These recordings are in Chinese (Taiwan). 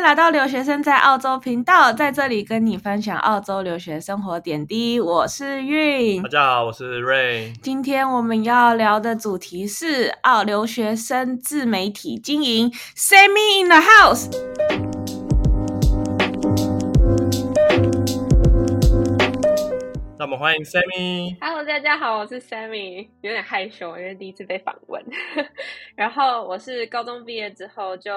來到留學生在澳洲頻道，在這裡跟你分享澳洲留學生活點滴。我是韻。啊，大家好，我是 Ray。今天我們要聊的主題是澳留學生自媒體經營。Sammy in the house，那我們歡迎 Sammy。Hello，大家好，我是 Sammy，有點害羞，因為第一次被訪問。 然後我是高中畢業之後就。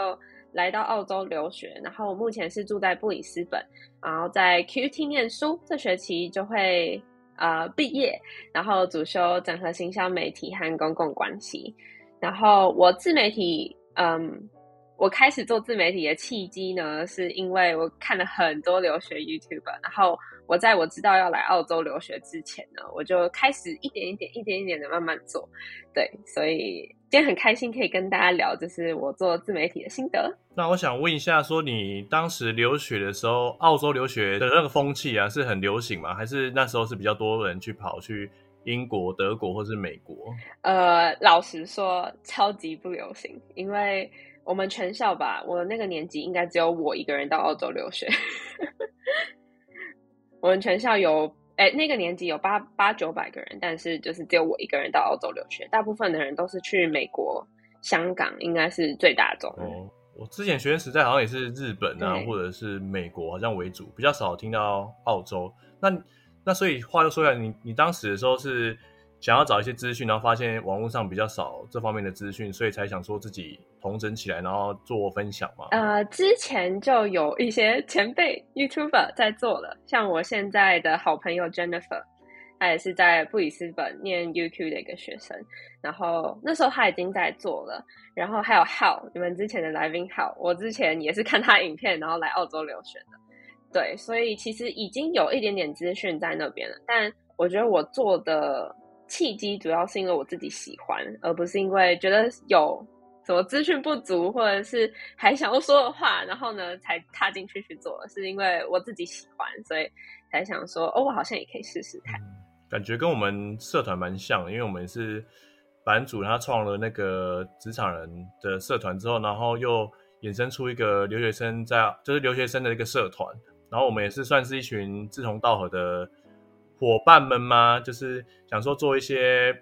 來到澳洲留學，然後我目前是住在布里斯本，然後在 QUT 唸書，這學期就會啊、呃、畢業，然後主修整合行銷媒體和公共關係。然後我自媒體，嗯，我開始做自媒體的契機呢，是因為我看了很多留學 YouTuber，然後。我在我知道要來澳洲留學之前呢，我就開始一點一點、一點一點的慢慢做。對，所以今天很開心可以跟大家聊，就是我做自媒體的心得。那我想問一下，說你當時留學的時候，澳洲留學的那個風氣啊，是很流行嗎？還是那時候是比較多人去跑去英國、德國或是美國？呃，老實說，超級不流行，因為我們全校吧，我那個年級應該只有我一個人到澳洲留學。 我們全校有誒、欸，那個年級有八八九百個人，但是就是只有我一個人到澳洲留學，大部分的人都是去美國、香港，應該是最大宗。哦，我之前學生時代好像也是日本啊，對或者是美國，好像為主，比較少聽到澳洲。那那所以話又說回來，你你當時的時候是。想要找一些資訊，然後發現網絡上比較少這方面的資訊，所以才想說自己統整起來，然後做分享嘛。呃，之前就有一些前輩 YouTuber 在做了，像我現在的好朋友 Jennifer，她也是在布里斯本念 UQ 的一個學生，然後那時候他已經在做了，然後還有 Hao，你們之前的來賓 Hao，我之前也是看他影片，然後來澳洲留學的。對，所以其實已經有一點點資訊在那邊了，但我覺得我做的。契機主要是因為我自己喜歡，而不是因為覺得有什麼資訊不足，或者是還想要說的話，然後呢才踏進去去做。是因為我自己喜歡，所以才想說，哦，我好像也可以試試看。嗯，感覺跟我們社團蠻像，因為我們是版主，他創了那個職場人的社團之後，然後又衍生出一個留學生在，就是留學生的一個社團。然後我們也是算是一群志同道合的。夥伴們嗎？就是想說做一些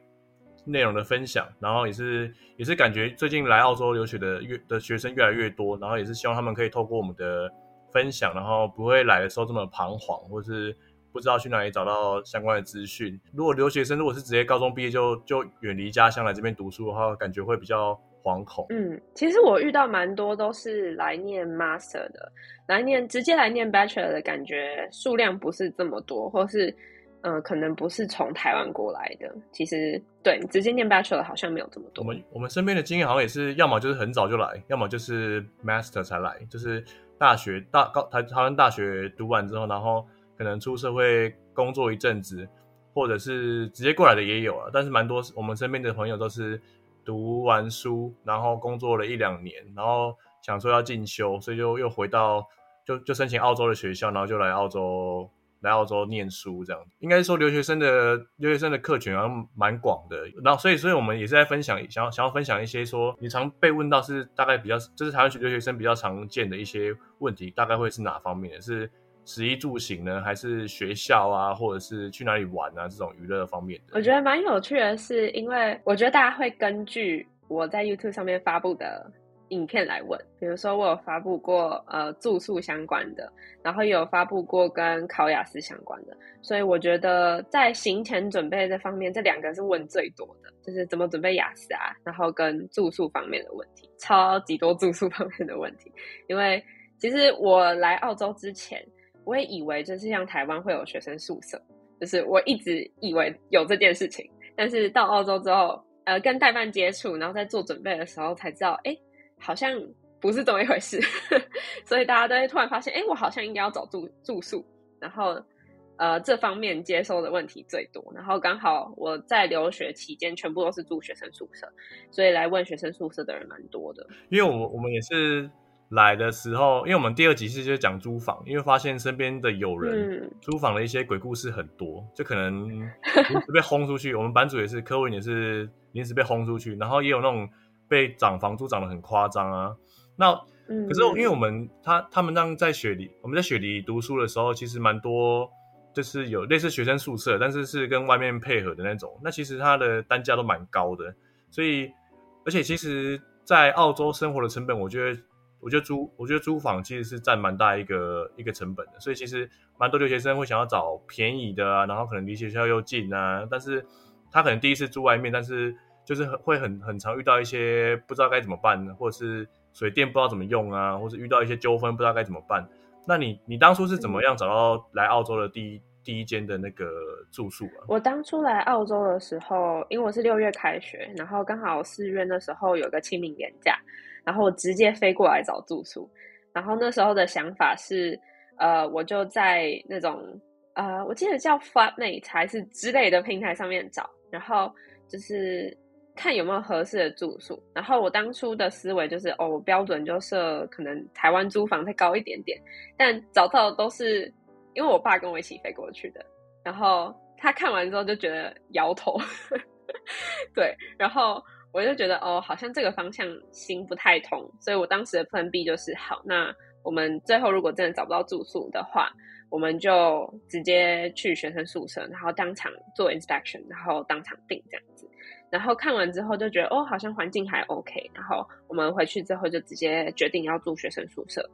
內容的分享，然後也是也是感覺最近來澳洲留學的越的學生越來越多，然後也是希望他們可以透過我們的分享，然後不會來的時候這麼彷徨，或是不知道去哪裡找到相關的資訊。如果留學生如果是直接高中畢業就就遠離家鄉來這邊讀書的話，感覺會比較惶恐。嗯，其實我遇到蠻多都是來念 master 的，來念直接來念 bachelor 的感覺數量不是這麼多，或是。呃，可能不是從台灣過來的。其實，對，直接念 Bachelor 好像沒有這麼多。我們我們身邊的經驗好像也是，要麼就是很早就來，要麼就是 Master 才來，就是大學大高台台灣大學讀完之後，然後可能出社會工作一陣子，或者是直接過來的也有啊。但是蠻多我們身邊的朋友都是讀完書，然後工作了一兩年，然後想說要進修，所以就又回到就就申請澳洲的學校，然後就來澳洲。來澳洲念書這樣子，應該是說留學生的留學生的客群好像蠻廣的。然後，所以，所以我們也是在分享，想要想要分享一些說，你常被問到是大概比較，這、就是台灣學留學生比較常見的一些問題，大概會是哪方面的？是食衣住行呢，還是學校啊，或者是去哪裡玩啊，這種娛樂方面的？我覺得蠻有趣的，是因為我覺得大家會根據我在 YouTube 上面發布的，影片來問，比如說我有發佈過呃住宿相關的，然後也有發佈過跟考雅思相關的，所以我覺得在行前準備這方面，這兩個是問最多的，就是怎麼準備雅思啊，然後跟住宿方面的問題超級多。住宿方面的問題，因為其實我來澳洲之前，我也以為就是像台灣會有學生宿舍，就是我一直以為有這件事情，但是到澳洲之後，呃，跟代辦接觸，然後在做準備的時候才知道，哎。好像不是這麼一回事， 所以大家都會突然發現，哎、欸，我好像應該要找住住宿，然後呃，這方面接收的問題最多。然後剛好我在留學期間，全部都是住學生宿舍，所以來問學生宿舍的人蠻多的。因為我們我們也是來的時候，因為我們第二集是就講租房，因為發現身邊的友人、嗯、租房的一些鬼故事很多，就可能被轟出去。 我們班主也是，柯文也是臨時被轟出去，然後也有那種。被漲房租漲得很誇張啊！那，可是因為我們他他們當在雪梨，我們在雪梨讀書的時候，其實蠻多就是有類似學生宿舍，但是是跟外面配合的那種。那其實它的單價都蠻高的，所以而且其實，在澳洲生活的成本，我覺得我覺得租我覺得租房其實是佔蠻大一個一個成本的。所以其實蠻多留學生會想要找便宜的啊，然後可能離學校又近啊，但是他可能第一次住外面，但是。就是會很很常遇到一些不知道該怎麼辦，或者是水電不知道怎麼用啊，或者是遇到一些糾紛不知道該怎麼辦。那你你當初是怎麼樣找到來澳洲的第一、嗯、第一間的那個住宿啊？我當初來澳洲的時候，因為我是六月開學，然後剛好四月那時候有個清明連假，然後我直接飛過來找住宿。然後那時候的想法是，呃，我就在那種呃，我記得叫 Flatmate 還是之類的平台上面找，然後就是。看有沒有合適的住宿，然後我當初的思維就是，哦，我標準就設可能台灣租房再高一點點，但找到的都是，因為我爸跟我一起飛過去的，然後他看完之後就覺得搖頭， 對，然後我就覺得哦，好像這個方向行不太通，所以我當時的 Plan B 就是，好，那我們最後如果真的找不到住宿的話，我們就直接去學生宿舍，然後當場做 inspection，然後當場訂這樣子。然後看完之後就覺得哦，好像環境還 OK。然後我們回去之後就直接決定要住學生宿舍。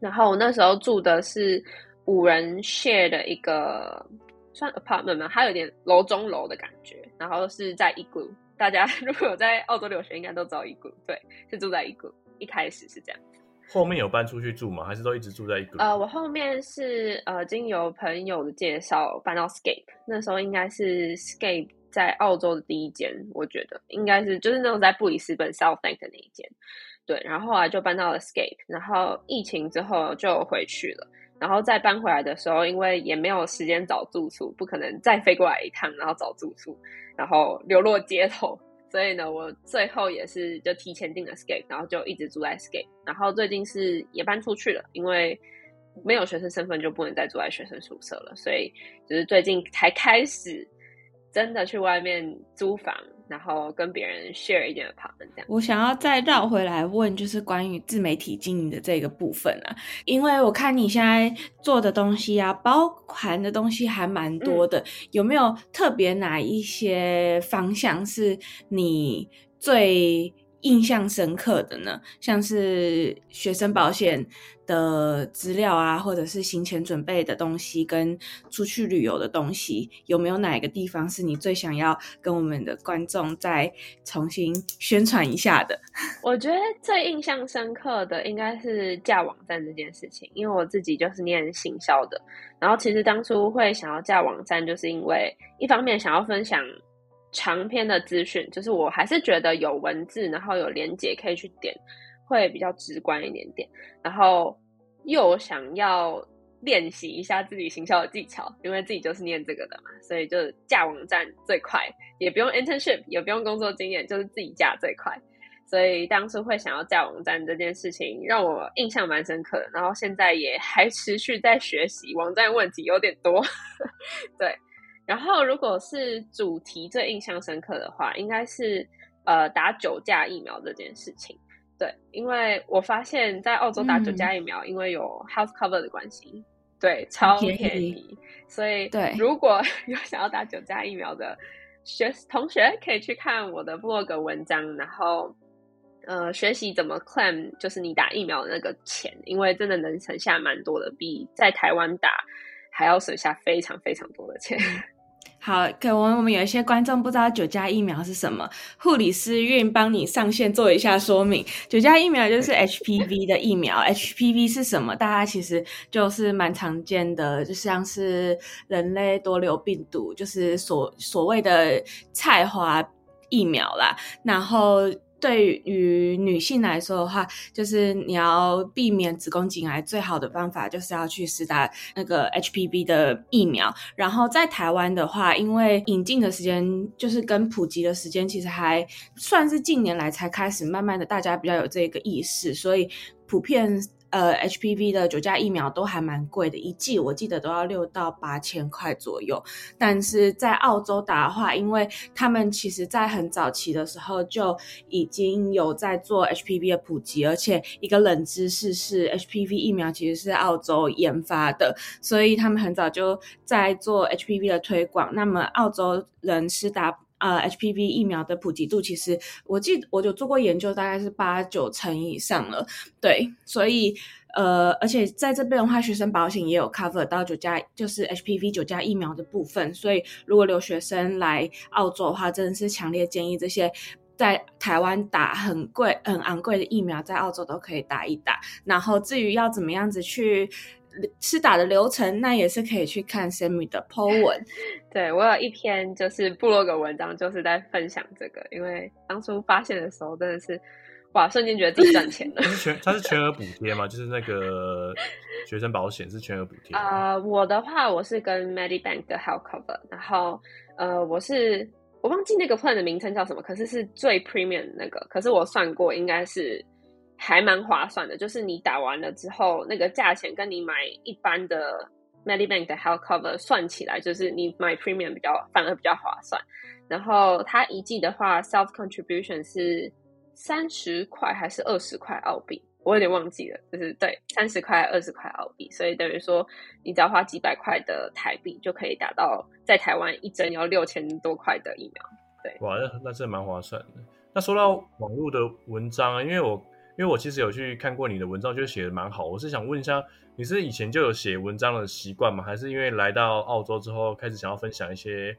然後我那時候住的是五人 share 的一個算 apartment 嘛，還有點樓中樓的感覺。然後是在 Iglu，大家如果在澳洲留學，應該都知道 Iglu，對，是住在 Iglu，一開始是這樣。後面有搬出去住嗎？還是都一直住在 Iglu？呃，我後面是呃，經由朋友的介紹搬到 Scape，那時候應該是 Scape 在澳洲的第一間，我覺得應該是就是那種在布里斯本 South Bank 的那一間，對，然後後來就搬到了 Scape，然後疫情之後就回去了，然後再搬回來的時候，因為也沒有時間找住處，不可能再飛過來一趟，然後找住處，然後流落街頭，所以呢，我最後也是就提前訂了 Scape，然後就一直住在 Scape，然後最近是也搬出去了，因為沒有學生身份就不能再住在學生宿舍了，所以就是最近才開始。真的去外面租房，然後跟別人 share 一點的盤這樣。我想要再繞回來問，就是關於自媒體經營的這個部分啊，因為我看你現在做的東西啊，包含的東西還蠻多的，嗯、有沒有特別哪一些方向是你最？印象深刻的呢，像是學生保險的資料啊，或者是行前準備的東西，跟出去旅遊的東西，有沒有哪一個地方是你最想要跟我們的觀眾再重新宣傳一下的？我覺得最印象深刻的應該是架網站這件事情，因為我自己就是念行銷的，然後其實當初會想要架網站，就是因為一方面想要分享。長篇的資訊，就是我還是覺得有文字，然後有連接可以去點，會比較直觀一點點。然後又想要練習一下自己行銷的技巧，因為自己就是念這個的嘛，所以就架網站最快，也不用 internship，也不用工作經驗，就是自己架最快。所以當初會想要架網站這件事情，讓我印象蠻深刻的。然後現在也還持續在學習，網站問題有點多，呵呵，對。然後，如果是主題最印象深刻的話，應該是呃打九價疫苗這件事情。對，因為我發現，在澳洲打九價疫苗，嗯、因為有 health cover 的關係，對，超便宜。便宜所以，對如果有想要打九價疫苗的學同學，可以去看我的 blog 文章，然後呃學習怎麼 claim，就是你打疫苗的那個錢，因為真的能省下蠻多的，比在台灣打。還要省下非常非常多的錢。好，可能我們有一些觀眾不知道九價疫苗是什麼，護理師願意幫你上線做一下說明。九價疫苗就是 HPV 的疫苗 ，HPV 是什麼？大家其實就是蠻常見的，就像是人類多瘤病毒，就是所所謂的菜花疫苗啦。然後。對於女性來說的話，就是你要避免子宮頸癌最好的方法，就是要去施打那個 HPV 的疫苗。然後在台灣的話，因為引進的時間就是跟普及的時間，其實還算是近年來才開始慢慢的，大家比較有這個意識，所以普遍。呃，HPV 的九價疫苗都還蠻貴的，一劑我記得都要六到八千塊左右。但是在澳洲打的話，因為他們其實在很早期的時候就已經有在做 HPV 的普及，而且一個冷知識是 HPV 疫苗其實是澳洲研發的，所以他們很早就在做 HPV 的推廣。那麼澳洲人是打？呃 HPV 疫苗的普及度其實，我記得我有做過研究，大概是八九成以上了。對，所以呃，而且在這邊的話，學生保險也有 cover 到九價，就是 HPV 九價疫苗的部分。所以如果留學生來澳洲的話，真的是強烈建議這些在台灣打很貴、很昂貴的疫苗，在澳洲都可以打一打。然後至於要怎麼樣子去。是施打的流程，那也是可以去看 Sammy 的 po 文。對，我有一篇就是部落格文章，就是在分享這個。因為當初發現的時候，真的是哇，瞬間覺得自己賺錢了。全 他是全額補貼嗎？ 就是那個學生保險是全額補貼啊。Uh, 我的話，我是跟 Medibank 的 Health Cover，然後呃，我是我忘記那個 plan 的名稱叫什麼，可是是最 premium 的那個，可是我算過應該是。還蠻划算的，就是你打完了之後，那個價錢跟你買一般的 Medibank 的 Health Cover 算起來，就是你買 Premium 比較反而比較划算。然後它一季的話，Self Contribution 是三十塊還是二十塊澳幣，我有點忘記了。就是對，三十塊二十塊澳幣，所以等於說你只要花幾百塊的台幣就可以打到在台灣一針要六千多塊的疫苗。對，哇，那那這蠻划算的。那說到網絡的文章啊，因為我。因為我其實有去看過你的文章，就寫得蠻好。我是想問一下，你是以前就有寫文章的習慣嗎？還是因為來到澳洲之後，開始想要分享一些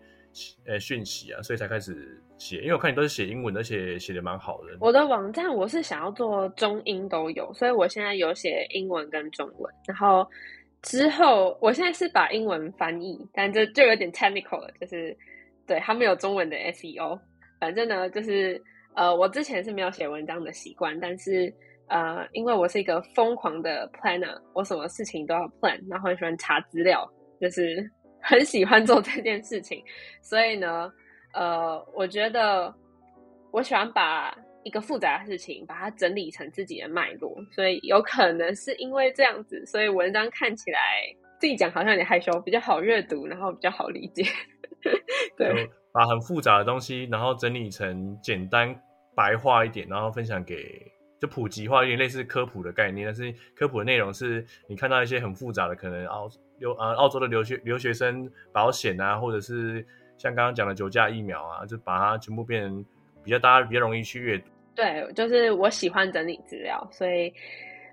呃訊息啊，所以才開始寫？因為我看你都是寫英文，而且寫得蠻好的。我的網站我是想要做中英都有，所以我現在有寫英文跟中文。然後之後，我現在是把英文翻譯，但這就，就有點 technical 了，就是對他們有中文的 SEO。反正呢，就是。呃，我之前是沒有寫文章的習慣，但是呃，因為我是一個瘋狂的 planner，我什麼事情都要 plan，然後很喜歡查資料，就是很喜歡做這件事情，所以呢，呃，我覺得我喜歡把一個複雜的事情把它整理成自己的脈絡，所以有可能是因為這樣子，所以文章看起來自己講好像有點害羞，比較好閱讀，然後比較好理解， 對。嗯把很複雜的東西，然後整理成簡單、白話一點，然後分享給，就普及化一點，類似科普的概念。但是科普的內容是你看到一些很複雜的，可能澳留呃澳洲的留學留學生保險啊，或者是像剛剛講的九價疫苗啊，就把它全部變成比較大家比較容易去閱讀。對，就是我喜歡整理資料，所以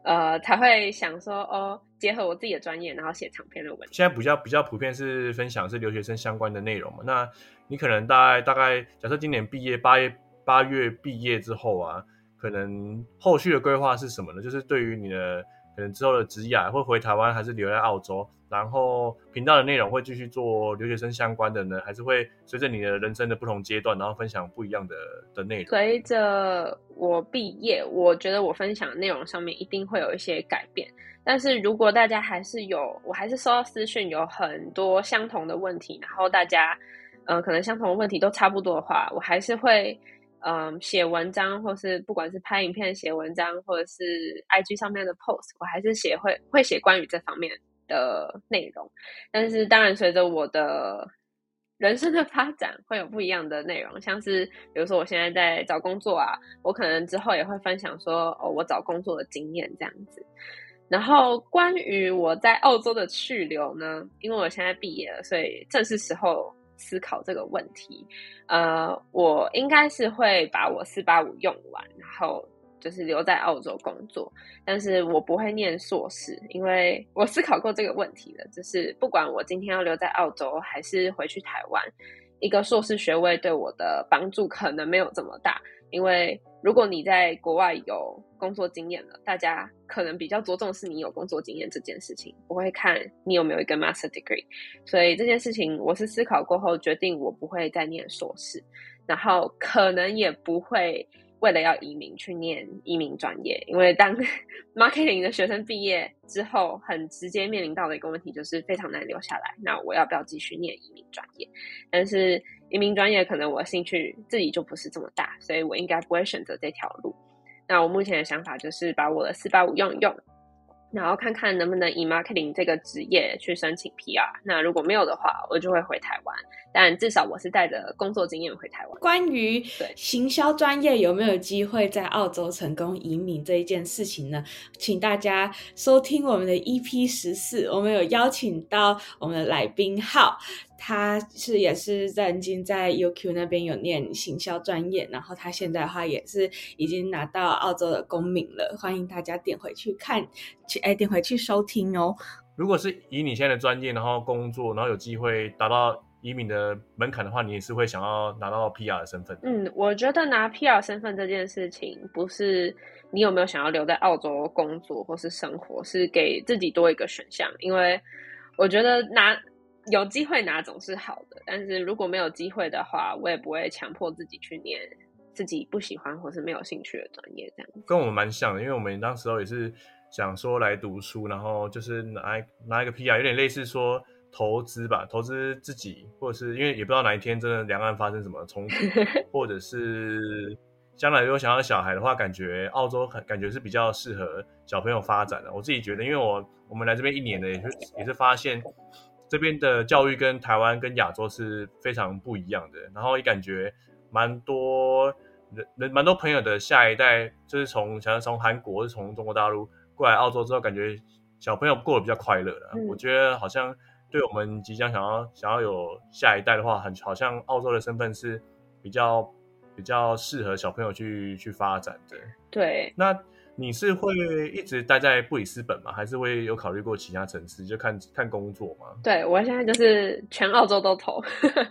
呃才會想說哦。結合我自己的專業，然後寫長篇的文章。現在比較比較普遍是分享是留學生相關的內容嘛。那你可能大概大概假設今年畢業，八月八月畢業之後啊，可能後續的規劃是什麼呢？就是對於你的。可能之後的職業、啊、會回台灣，還是留在澳洲？然後頻道的內容會繼續做留學生相關的呢，還是會隨着你的人生的不同階段，然後分享不一樣的的內容？隨着我畢業，我覺得我分享內容上面一定會有一些改變。但是如果大家還是有，我還是收到私訊，有很多相同的問題，然後大家、呃、可能相同的問題都差不多的話，我還是會。嗯，寫文章或是不管是拍影片、寫文章，或者是 IG 上面的 post，我還是寫會會寫關於這方面的內容。但是當然，隨着我的人生的發展，會有不一樣的內容。像是比如說，我現在在找工作啊，我可能之後也會分享說哦，我找工作的經驗這樣子。然後關於我在澳洲的去留呢，因為我現在畢業了，所以正是時候思考這個問題，呃，我應該是會把我485用完，然後就是留在澳洲工作。但是我不會念碩士，因為我思考過這個問題的，就是不管我今天要留在澳洲還是回去台灣，一個碩士學位對我的幫助可能沒有這麼大。因為如果你在國外有工作經驗了，大家可能比較着重是你有工作經驗這件事情，不會看你有沒有一個 master degree。所以這件事情，我是思考過後決定我不會再念碩士，然後可能也不會為了要移民去念移民專業，因為當 marketing 的學生畢業之後，很直接面臨到的一個問題就是非常難留下來。那我要不要繼續念移民專業？但是。移民專業可能我興趣自己就不是這麼大，所以我應該不會選擇這條路。那我目前的想法就是把我的四八五用一用，然後看看能不能以 marketing 這個職業去申請 PR。那如果沒有的話，我就會回台灣。但至少我是帶着工作經驗回台灣。對。關於行銷專業有沒有機會在澳洲成功移民這一件事情呢？請大家收聽我們的 EP 十四，我們有邀請到我們的來賓 Hao。他是也是曾經在 UQ 那邊有念行銷專業，然後他現在的話也是已經拿到澳洲的公民了。歡迎大家點回去看，去，哎，點回去收聽哦。如果是以你現在的專業，然後工作，然後有機會達到移民的門檻的話，你也是會想要拿到 PR 的身份？嗯，我覺得拿 PR 的身份這件事情，不是你有沒有想要留在澳洲工作或是生活，是給自己多一個選項。因為我覺得拿有機會拿總是好的，但是如果沒有機會的話，我也不會強迫自己去念自己不喜歡或是沒有興趣的專業。這樣跟我們蠻像的，因為我們當時候也是想說來讀書，然後就是拿拿一個 PR，有點類似說投資吧，投資自己，或者是因為也不知道哪一天真的兩岸發生什麼衝突， 或者是將來如果想要小孩的話，感覺澳洲很感覺是比較適合小朋友發展的。我自己覺得，因為我我們來這邊一年了，也是也是發現。這邊的教育跟台灣跟亞洲是非常不一樣的，然後也感覺蠻多人人蠻多朋友的下一代，就是從想要從韓國從中國大陸過來澳洲之後，感覺小朋友過得比較快樂了。嗯，我覺得好像對我們即將想要想要有下一代的話，很好像澳洲的身份是比較比較適合小朋友去去發展的。對，那。你是會一直待在布里斯本嗎？還是會有考慮過其他城市？就看看工作嗎？對，我現在就是全澳洲都投，呵呵，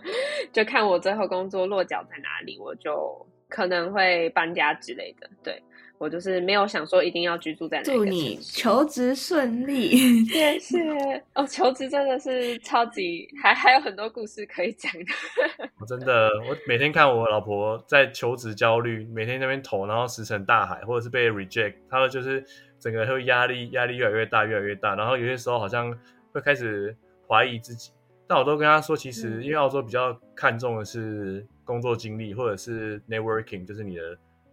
就看我最後工作落腳在哪裡，我就可能會搬家之類的。對。我就是沒有想說一定要居住在那裡。祝你求職順利， 謝謝。哦，求職真的是超級，還還有很多故事可以講的。我真的，我每天看我老婆在求職焦慮，每天在那邊投，然後石沉大海，或者是被 reject，她就是整個會壓力，壓力越來越大，越來越大，然後有些時候好像會開始懷疑自己。但我都跟她說，其實因為澳洲比較看重的是工作經歷，或者是 networking，就是你的。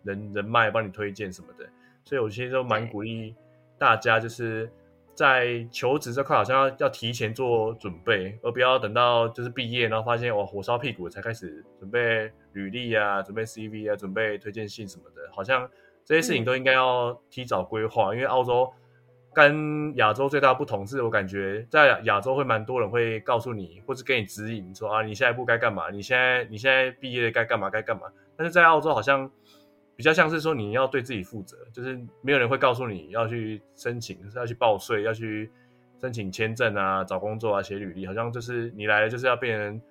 人人脈幫你推薦什麼的，所以我其實都蠻鼓勵大家，就是在求職這塊好像要要提前做準備，而不要等到就是畢業，然後發現哇火燒屁股才開始準備履歷啊，準備 CV 啊，準備推薦信什麼的，好像這些事情都應該要提早規劃。嗯、因為澳洲跟亞洲最大的不同是，我感覺在亞洲會蠻多人會告訴你，或者給你指引說，說啊你下一步該幹嘛，你現在你現在畢業該幹嘛該幹嘛。但是在澳洲好像。比較像是說你要對自己負責，就是沒有人會告訴你要去申請、就是、要去報稅、要去申請簽證啊、找工作啊、寫履歷，好像就是你來了就是要變成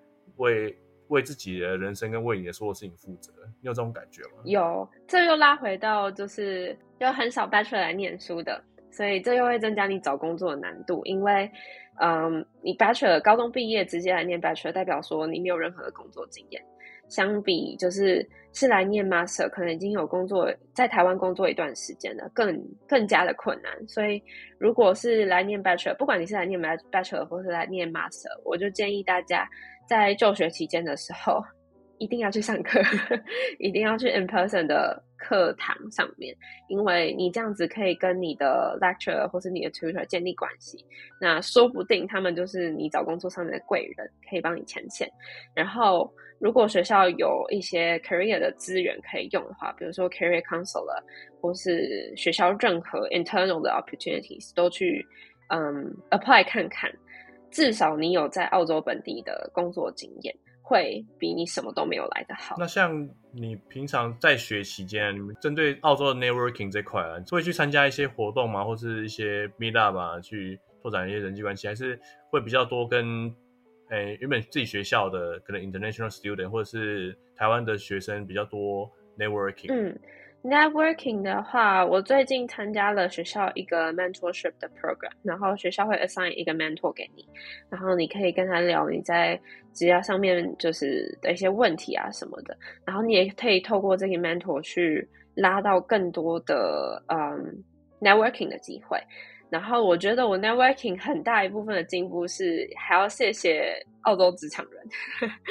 為自己的人生跟為你的所有事情負責。你有這種感覺嗎？有，這又拉回到就是又很少 Bachelor 來念書的，所以這又會增加你找工作的難度，因為嗯，你 Bachelor 高中畢業直接來念 Bachelor，代表說你沒有任何的工作經驗。相比就是是來念 master，可能已經有工作在台灣工作一段時間了，更更加的困難。所以如果是來念 bachelor，不管你是來念 bachelor 或是來念 master，我就建議大家在就學期間的時候一定要去上課，一定要去 in person 的。課堂上面，因為你這樣子可以跟你的 lecturer 或是你的 tutor 建立關係，那說不定他們就是你找工作上面的貴人，可以幫你牽線。然後，如果學校有一些 career 的資源可以用的話，比如說 career counselor 或是學校任何 internal 的 opportunities，都去嗯、um, apply 看看，至少你有在澳洲本地的工作經驗。會比你什麼都沒有來得好。那像你平常在學期間，你們針對澳洲的 networking 這塊啊，會去參加一些活動嗎？或是一些 meetup 去拓展一些人際關係，還是會比較多跟誒、哎、原本自己學校的可能 international student 或者是台灣的學生比較多 networking，嗯。Networking 的話，我最近參加了學校一個 Mentorship 的 program，然後學校會 assign 一個 mentor 給你，然後你可以跟他聊你在職業上面就是的一些問題啊什麼的，然後你也可以透過這個 mentor 去拉到更多的嗯 networking 的機會。然後我覺得我 networking 很大一部分的進步是還要謝謝澳洲職場人，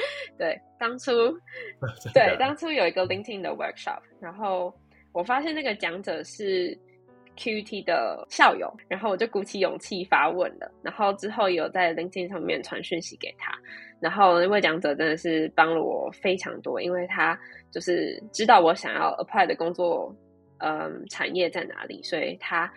對，當初 對，當初有一個 LinkedIn 的 workshop，然後。我發現那個講者是 QUT 的校友，然後我就鼓起勇氣發問了，然後之後有在 LinkedIn 上面傳訊息給他，然後那位講者真的是幫了我非常多，因為他就是知道我想要 apply 的工作，嗯、呃，產業在哪裡，所以他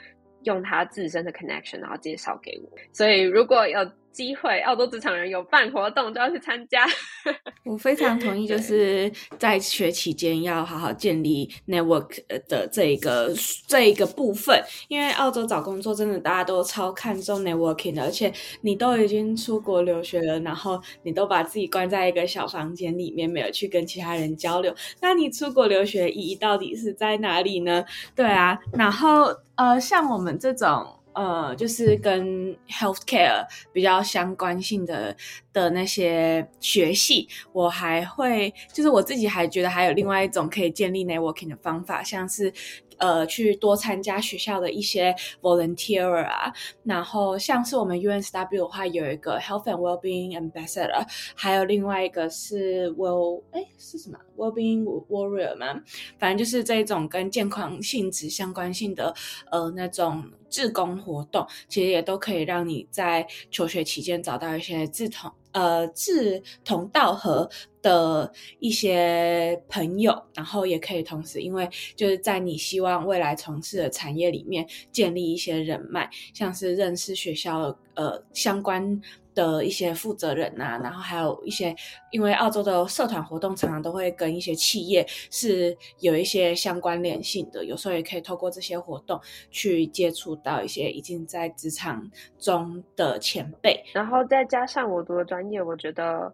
用他自身的 connection 然後介紹給我，所以如果要。機會，澳洲職場人有辦活動就要去參加。 我非常同意，就是在學期間要好好建立 network 的這一個這一個部分，因為澳洲找工作真的大家都超看重 networking 的，而且你都已經出國留學了，然後你都把自己關在一個小房間裡面，沒有去跟其他人交流，那你出國留學意義到底是在哪裡呢？對啊，然後呃，像我們這種。呃，就是跟 healthcare 比較相關性的的那些學系，我還會，就是我自己還覺得還有另外一種可以建立 networking 的方法，像是。呃，去多參加學校的一些 volunteer 啊，然後像是我們 UNSW 的話，有一個 health and well being ambassador，還有另外一個是 well，哎，是什麼？well being warrior 嗎？反正就是這一種跟健康性質相關性的呃那種志工活動，其實也都可以讓你在求學期間找到一些志同。呃，志同道合的一些朋友，然後也可以同時，因為就是在你希望未來從事的產業裡面建立一些人脈，像是認識學校的。呃，相關的一些負責人啊，然後還有一些，因為澳洲的社團活動常常都會跟一些企業是有一些相關聯性的，有時候也可以透過這些活動去接觸到一些已經在職場中的前輩，然後再加上我讀的專業，我覺得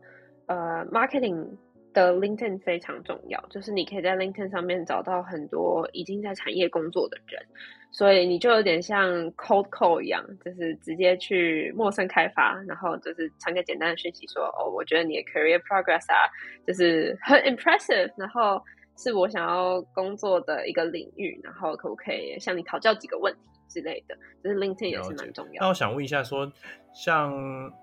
呃，marketing。的 LinkedIn 非常重要，就是你可以在 LinkedIn 上面找到很多已經在產業工作的人，所以你就有點像 Cold Call 一樣，就是直接去陌生開發，然後就是傳個簡單的訊息說：“哦，我覺得你的 career progress 啊，就是很 impressive，然後是我想要工作的一個領域，然後可不可以向你討教幾個問題之類的。”就是 LinkedIn 也是蠻重要。那我想問一下說，說像。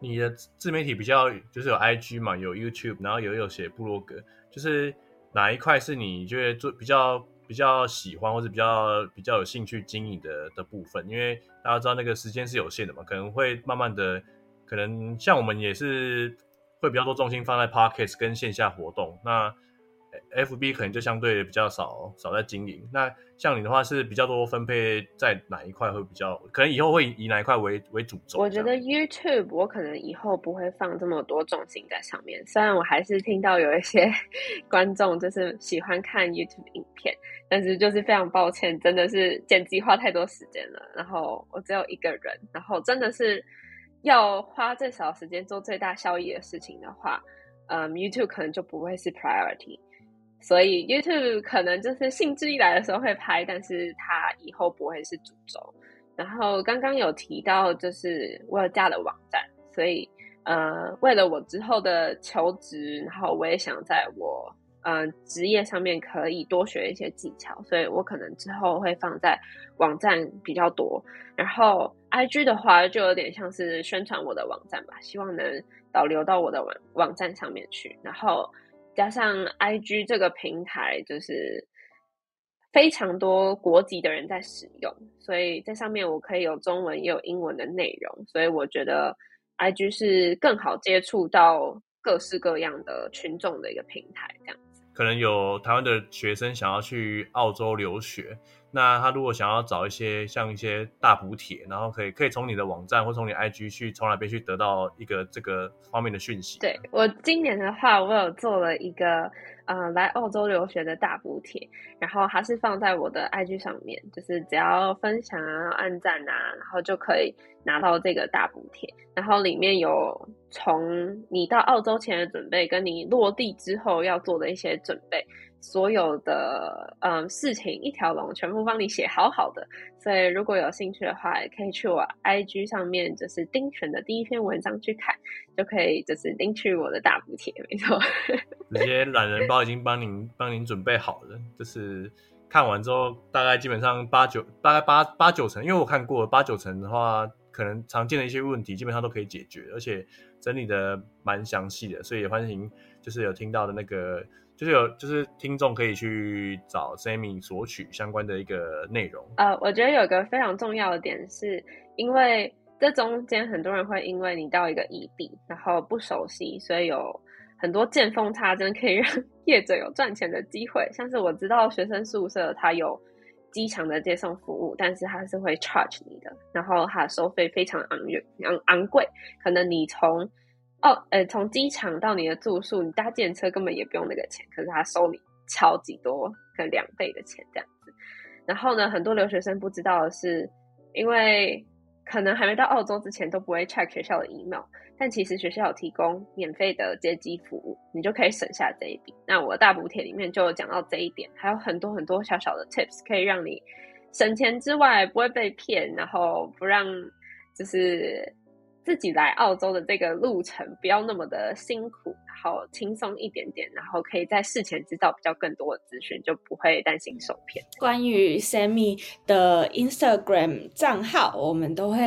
你的自媒體比較就是有 IG 嘛，有 YouTube，然後也有寫部落格，就是哪一塊是你就會做比較比較喜歡，或者比較比較有興趣經營的的部分？因為大家知道那個時間是有限的嘛，可能會慢慢的，可能像我們也是會比較多重心放在 Podcast 跟線下活動，那 FB 可能就相對比較少少在經營，那像你的話是比較多分配在哪一塊會比較，可能以後會以哪一塊為為主軸。我覺得 YouTube 我可能以後不會放這麼多重心在上面，雖然我還是聽到有一些觀眾就是喜歡看 YouTube 影片，但是就是非常抱歉，真的是剪輯花太多時間了，然後我只有一個人，然後真的是要花最少時間做最大效益的事情的話，呃、嗯，YouTube 可能就不會是 priority。所以 YouTube 可能就是興致一來的時候會拍，但是他以後不會是主軸。然後剛剛有提到就是我有架了網站，所以呃為了我之後的求職，然後我也想在我嗯、呃、職業上面可以多學一些技巧，所以我可能之後會放在網站比較多。然後 IG 的話就有點像是宣傳我的網站吧，希望能導流到我的網網站上面去。然後。加上 IG 這個平台，就是非常多國籍的人在使用，所以在上面我可以有中文也有英文的內容，所以我覺得 IG 是更好接觸到各式各樣的群眾的一個平台，這樣。可能有台灣的學生想要去澳洲留學，那他如果想要找一些像一些大補帖，然後可以可以從你的網站或從你 IG 去從那邊去得到一個這個方面的訊息。對，我今年的話，我有做了一個。呃，來澳洲留學的大補帖，然後它是放在我的 IG 上面，就是只要分享啊、按讚啊，然後就可以拿到這個大補帖。然後裡面有從你到澳洲前的準備，跟你落地之後要做的一些準備。所有的呃、嗯、事情一條龍全部幫你寫好好的，所以如果有興趣的話，也可以去我 IG 上面就是丁閱的第一篇文章去看，就可以就是領取我的大補帖，沒錯。這些懶人包已經幫您幫您準備好了，就是看完之後大概基本上八九大概八八九成，因為我看過八九成的話，可能常見的一些問題基本上都可以解決，而且整理的蠻詳細的，所以也歡迎就是有聽到的那個。就是有，就是聽眾可以去找 Sammy 索取相關的一個內容。呃，uh, 我覺得有一個非常重要的點是，因為這中間很多人會因為你到一個異地，然後不熟悉，所以有很多見縫插針可以讓業者有賺錢的機會。像是我知道學生宿舍它有機場的接送服務，但是他是會 charge 你的，然後它收費非常昂昂昂貴，可能你從哦，呃、oh, 欸，從機場到你的住宿，你搭捷運車，根本也不用那個錢，可是他收你超級多，可能兩倍的錢這樣子。然後呢，很多留學生不知道的是，因為可能還沒到澳洲之前都不會 check 學校的 email，但其實學校有提供免費的接機服務，你就可以省下這一筆。那我的大補帖裡面就有講到這一點，還有很多很多小小的 tips 可以讓你省錢之外不會被騙，然後不讓就是。自己來澳洲的這個路程不要那麼的辛苦，好輕鬆一點點，然後可以在事前知道比較更多的資訊，就不會擔心受騙。關於 Sammy 的 Instagram 賬號，我們都會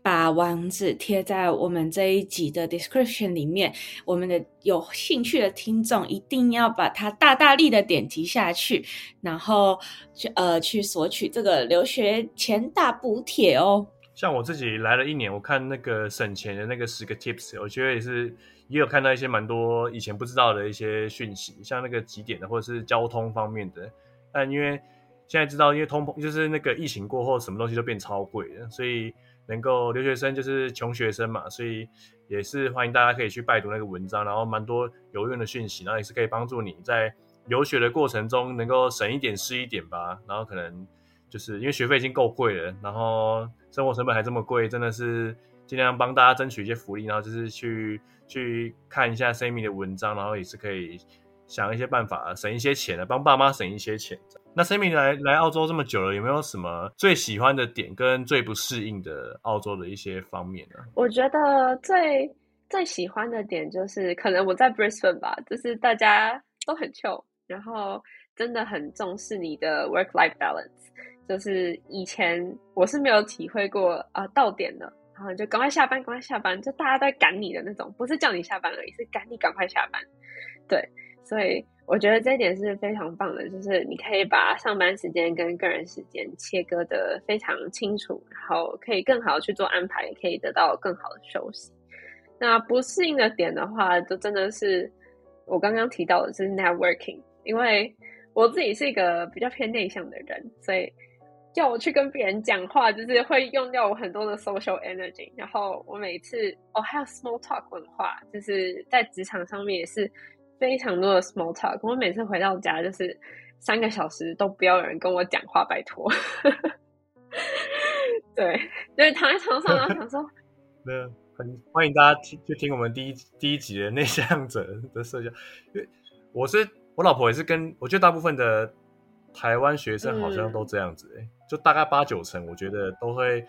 把網址貼在我們這一集的 description 裡面，我們的有興趣的聽眾一定要把它大大力的點擊下去，然後去呃去索取這個留學前大補帖哦。像我自己來了一年，我看那個省錢的那個十個 tips，我覺得也是也有看到一些蠻多以前不知道的一些訊息，像那個幾點的或者是交通方面的。但因為現在知道，因為通就是那個疫情過後，什麼東西都變超貴了，所以能夠留學生就是窮學生嘛，所以也是歡迎大家可以去拜讀那個文章，然後蠻多有用的訊息，然後也是可以幫助你在留學的過程中能夠省一點是一點吧，然後可能。就是因為學費已經夠貴了，然後生活成本還這麼貴，真的是儘量幫大家爭取一些福利。然後就是去去看一下 Sammy 的文章，然後也是可以想一些辦法省一些錢的，幫爸媽省一些錢。那 Sammy 來來澳洲這麼久了，有沒有什麼最喜歡的點跟最不適應的澳洲的一些方面呢、啊？我覺得最最喜歡的點就是可能我在 Brisbane 吧，就是大家都很 chill，然後真的很重視你的 work-life balance。就是以前我是沒有體會過啊，到點了，然後就趕快下班，趕快下班，就大家都趕你的那種，不是叫你下班而已，是趕你趕快下班。對，所以我覺得這一點是非常棒的，就是你可以把上班時間跟個人時間切割得非常清楚，然後可以更好去做安排，可以得到更好的休息。那不適應的點的話，就真的是我剛剛提到的，就是 networking，因為我自己是一個比較偏內向的人，所以。叫我去跟別人講話，就是會用掉我很多的 social energy，然後我每次哦，還有 small talk 文化，就是在職場上面也是非常多的 small talk。我每次回到家，就是三個小時都不要有人跟我講話，拜託。 對，就是躺在床上啊，然後想說。那 很歡迎大家聽，就聽我們第一第一集的內向者的社交，因為我是我老婆也是跟，我覺得大部分的。台灣學生好像都這樣子，欸，嗯、就大概八九成，我覺得都會，因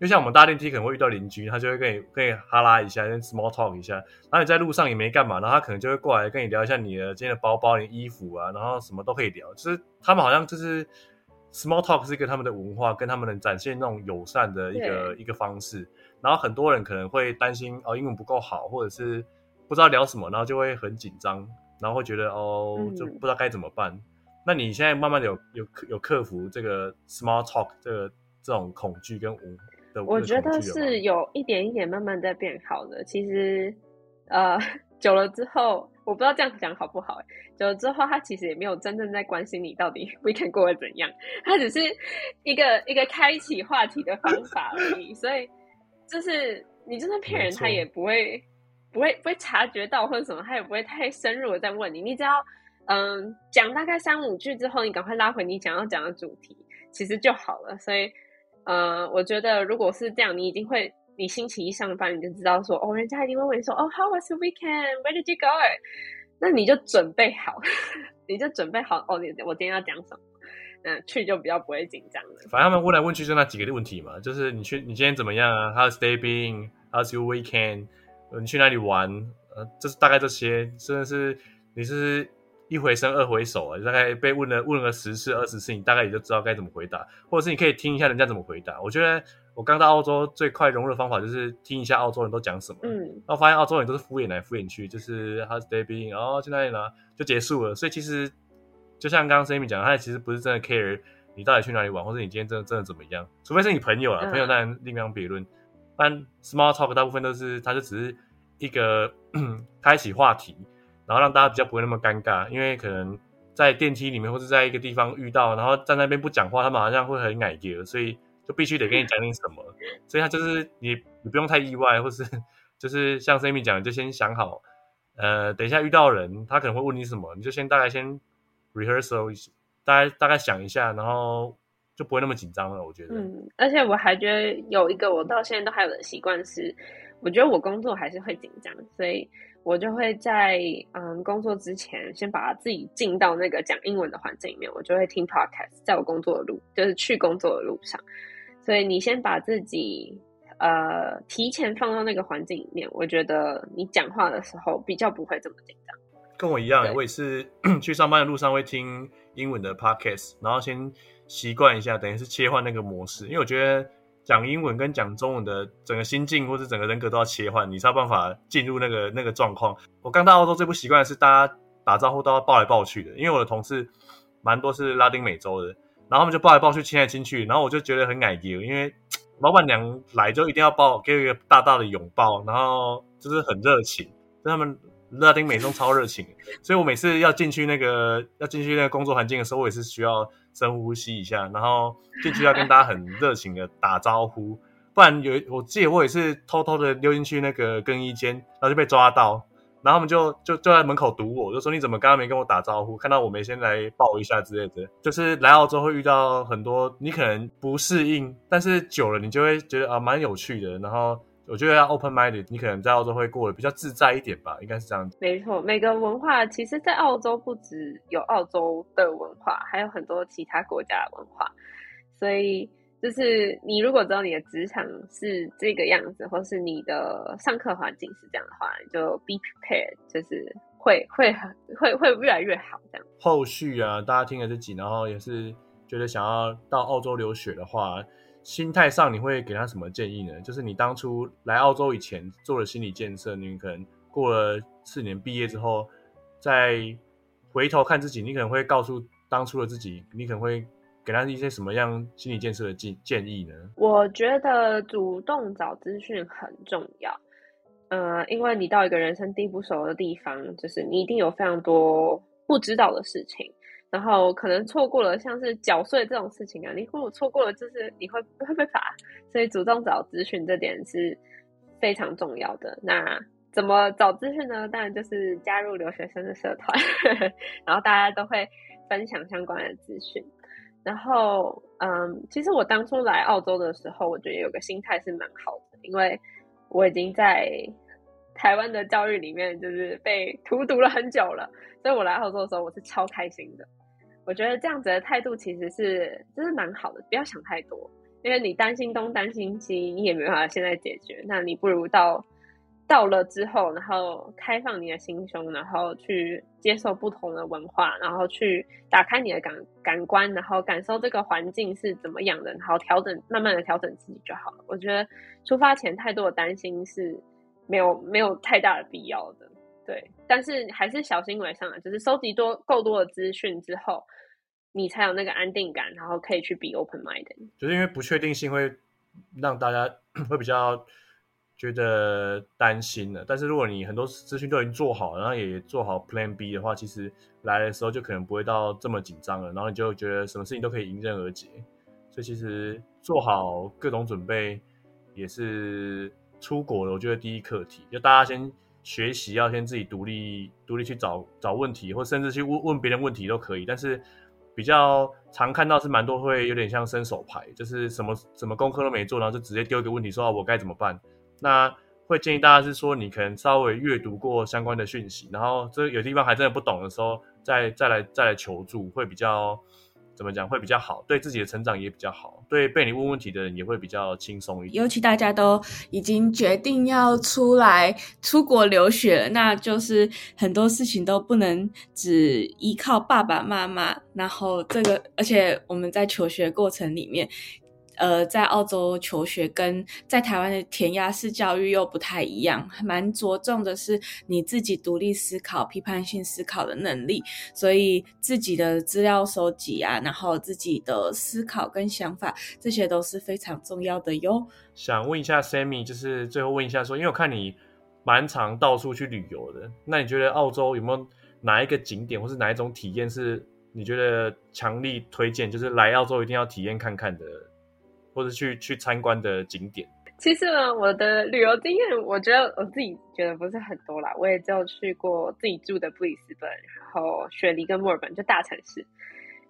為像我們搭電梯可能會遇到鄰居，他就會跟你跟你哈拉一下，跟 small talk 一下，然後你在路上也沒幹嘛，然後他可能就會過來跟你聊一下你的今天的包包、你的衣服啊，然後什麼都可以聊。就是他們好像就是 small talk 是跟他們的文化，跟他們能展現那種友善的一個對一個方式。然後很多人可能會擔心哦，英文不夠好，或者是不知道聊什麼，然後就會很緊張，然後會覺得哦，就不知道該怎麼辦。嗯那你現在慢慢有有有克服這個 small talk 這個這種恐懼跟無的，我覺得是有一點一點慢慢在變好的。其實，呃，久了之後，我不知道這樣講好不好？久了之後，他其實也沒有真正在關心你到底 weekend 過得怎樣，他只是一個一個開啟話題的方法而已。 所以，就是你就算騙人，沒錯。他也不會不會不會察覺到或者什麼，他也不會太深入的在問你。你只要。嗯，講大概三五句之後，你趕快拉回你想要講的主題，其實就好了。所以，呃，我覺得如果是這樣，你一定會，你星期一上班你就知道說，哦，人家一定會問你說，哦、oh,，How was your weekend? Where did you go? 那你就準備好， 你就準備好，哦，你我今天要講什麼？嗯，去就比較不會緊張了。反正他們問來問去就那幾個問題嘛，就是你去，你今天怎麼樣啊？How's day been? How's your weekend? 你去哪裡玩？呃，就是大概這些，真的是你是。一回生二回熟啊，大概被問了問了十次二十次，你大概也就知道該怎麼回答，或者是你可以聽一下人家怎麼回答。我覺得我剛到澳洲最快融入的方法就是聽一下澳洲人都講什麼，嗯、然後發現澳洲人都是敷衍來敷衍去，就是 How's day been? 然後去哪裡了就結束了。所以其實就像剛剛 m 一米講的，他也其實不是真的 care 你到底去哪裡玩，或者你今天真的真的怎麼樣，除非是你朋友了，嗯、朋友當然另當別論。但 small talk 大部分都是，他就只是一個開啟話題。然後讓大家比較不會那麼尷尬，因為可能在電梯裡面或者在一個地方遇到，然後站在那邊不講話，他們好像會很尷尬，所以就必須得跟你講點什麼。嗯、所以他就是你，你不用太意外，或是就是像 Sammy 講，就先想好，呃，等一下遇到人，他可能會問你什麼，你就先大概先 rehearsal，大概大概想一下，然後就不會那麼緊張了。我覺得，嗯，而且我還覺得有一個我到現在都還有的習慣是，我覺得我工作還是會緊張，所以。我就會在嗯工作之前，先把自己進到那個講英文的環境裡面。我就會聽 podcast，在我工作的路，就是去工作的路上。所以你先把自己呃提前放到那個環境裡面，我覺得你講話的時候比較不會這麼緊張。跟我一樣，對我也是 去上班的路上會聽英文的 podcast，然後先習慣一下，等於是切換那個模式。因為我覺得。講英文跟講中文的整個心境或者整個人格都要切換，你才有辦法進入那個那個狀況。我剛到澳洲最不習慣的是大家打招呼都要抱來抱去的，因為我的同事蠻多是拉丁美洲的，然後他們就抱來抱去親來親去，然後我就覺得很感激，因為老闆娘來就一定要抱，給一個大大的擁抱，然後就是很熱情，他們拉丁美洲超熱情，所以我每次要進去那個要進去那個工作環境的時候，我也是需要。深呼吸一下，然後進去要跟大家很熱情的打招呼，不然有我記得，我也是偷偷的溜進去那個更衣間，然後就被抓到，然後他們就就就在門口堵我，就說你怎麼剛剛沒跟我打招呼？看到我沒先來抱一下之類的，就是來澳洲會遇到很多你可能不適應，但是久了你就會覺得啊蠻有趣的，然後。我覺得要 open minded，你可能在澳洲會過得比較自在一點吧，應該是這樣子。沒錯，每個文化其實，在澳洲不只有澳洲的文化，還有很多其他國家的文化。所以，就是你如果知道你的職場是這個樣子，或是你的上課環境是這樣的話，你就 be prepared，就是會會很會會越來越好這樣。後續啊，大家聽了這集，然後也是覺得想要到澳洲留學的話。心態上，你會給他什麼建議呢？就是你當初來澳洲以前做了心理建設，你可能過了四年畢業之後，再回頭看自己，你可能會告訴當初的自己，你可能會給他一些什麼樣心理建設的建建議呢？我覺得主動找資訊很重要，呃，因為你到一個人生地不熟的地方，就是你一定有非常多不知道的事情。然後可能錯過了像是繳稅這種事情啊，你會不會錯過了，就是你會會被罰，所以主動找資訊這點是非常重要的。那怎麼找資訊呢？當然就是加入留學生的社團，呵呵，然後大家都會分享相關的資訊。然後，嗯，其實我當初來澳洲的時候，我覺得有個心態是蠻好的，因為我已經在台灣的教育裡面就是被荼毒了很久了，所以我來澳洲的時候我是超開心的。我覺得這樣子的態度其實是真、就是蠻好的，不要想太多，因為你擔心東擔心西，你也沒辦法現在解決。那你不如到到了之後，然後開放你的心胸，然後去接受不同的文化，然後去打開你的感感官，然後感受這個環境是怎麼樣的，然後調整，慢慢的調整自己就好了。我覺得出發前太多的擔心是沒有沒有太大的必要的。對，但是還是小心為上啊。就是收集多夠多的資訊之後，你才有那個安定感，然後可以去 be open mind。就是因為不確定性會讓大家會比較覺得擔心的。但是如果你很多資訊都已經做好，然後也做好 plan B 的話，其實來的時候就可能不會到這麼緊張了。然後你就覺得什麼事情都可以迎刃而解。所以其實做好各種準備也是出國的，我覺得第一課題，就大家先。學習要先自己獨立，獨立去找找問題，或甚至去問問別人問題都可以。但是比較常看到是蠻多會有點像伸手牌，就是什麼什麼功課都沒做，然後就直接丟一個問題說，啊，我該怎麼辦？那會建議大家是說你可能稍微閱讀過相關的訊息，然後這有些地方還真的不懂的時候，再再來再來求助會比較。怎麼講會比較好？對自己的成長也比較好，對被你問問題的人也會比較輕鬆一點。尤其大家都已經決定要出來出國留學了，那就是很多事情都不能只依靠爸爸媽媽。然後這個，而且我們在求學過程裡面。呃，在澳洲求學跟在台灣的填鴨式教育又不太一樣，蠻着重的是你自己獨立思考、批判性思考的能力，所以自己的資料收集啊，然後自己的思考跟想法，這些都是非常重要的喲。想問一下 Sammy，就是最後問一下說，因為我看你蠻常到處去旅遊的，那你覺得澳洲有沒有哪一個景點或是哪一種體驗是你覺得強力推薦，就是來澳洲一定要體驗看看的？或者去去參觀的景點。其實呢，我的旅遊經驗，我覺得我自己覺得不是很多啦。我也只有去過自己住的布里斯本，然後雪梨跟墨爾本就大城市。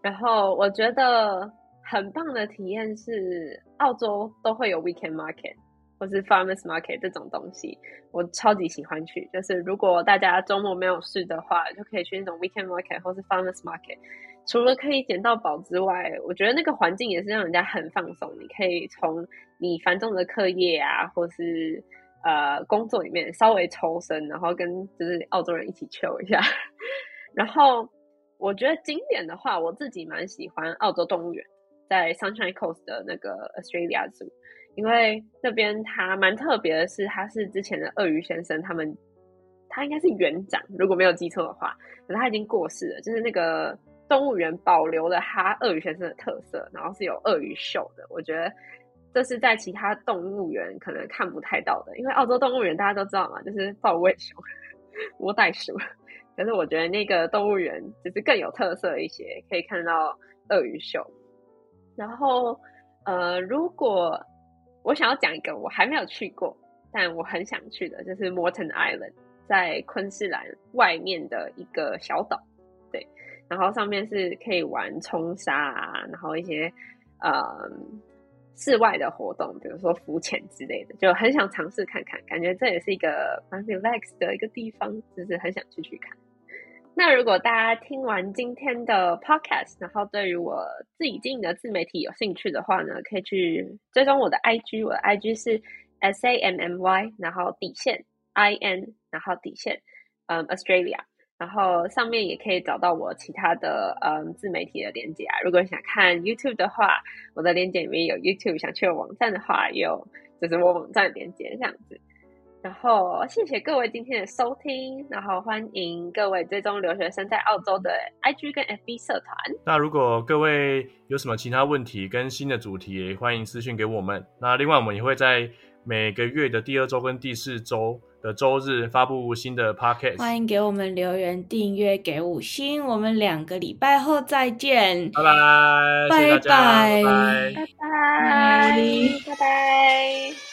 然後我覺得很棒的體驗是，澳洲都會有 weekend market 或是 farmers market 這種東西，我超級喜歡去。就是如果大家週末沒有事的話，就可以去那種 weekend market 或是 farmers market。除了可以撿到寶之外，我覺得那個環境也是讓人家很放鬆。你可以從你繁重的課業啊，或是呃工作裡面稍微抽身，然後跟就是澳洲人一起 chill 一下。 然後我覺得景點的話，我自己蠻喜歡澳洲動物園，在 Sunshine Coast 的那個 Australia Zoo，因為那邊它蠻特別的是，它是之前的鱷魚先生他們，他應該是園長，如果沒有記錯的話，可是他已經過世了，就是那個。動物園保留了他鱷魚先生的特色，然後是有鱷魚秀的。我覺得這是在其他動物園可能看不太到的，因為澳洲動物園大家都知道嘛，就是無尾熊、窩袋鼠。可是我覺得那個動物園就是更有特色一些，可以看到鱷魚秀。然後，呃，如果我想要講一個我還沒有去過，但我很想去的，就是 Morton Island，在昆士蘭外面的一個小島，對。然後上面是可以玩衝沙啊，然後一些嗯室外的活動，比如說浮潛之類的，就很想嘗試看看。感覺這也是一個蠻 relax 的一個地方，就是很想去去看。那如果大家聽完今天的 podcast，然後對於我自己經營的自媒體有興趣的話呢，可以去追蹤我的 IG，我的 IG 是 Sammy，然後底線 in，然後底線嗯 Australia。然後上面也可以找到我其他的嗯自媒體的鏈接啊。如果你想看 YouTube 的話，我的鏈接裡面有 YouTube；想去我網站的話，有就是我網站的鏈接這樣子。然後謝謝各位今天的收聽，然後歡迎各位追蹤留學生在澳洲的 IG 跟 FB 社團。那如果各位有什麼其他問題跟新的主題，歡迎私訊給我們。那另外我們也會在，每個月的第二周跟第四周的周日發布新的 p o c a s t 歡迎給我們留言、訂閱、給五星。我們兩個禮拜後再見。拜拜 Bye bye, bye，拜拜，拜拜，拜拜，拜拜。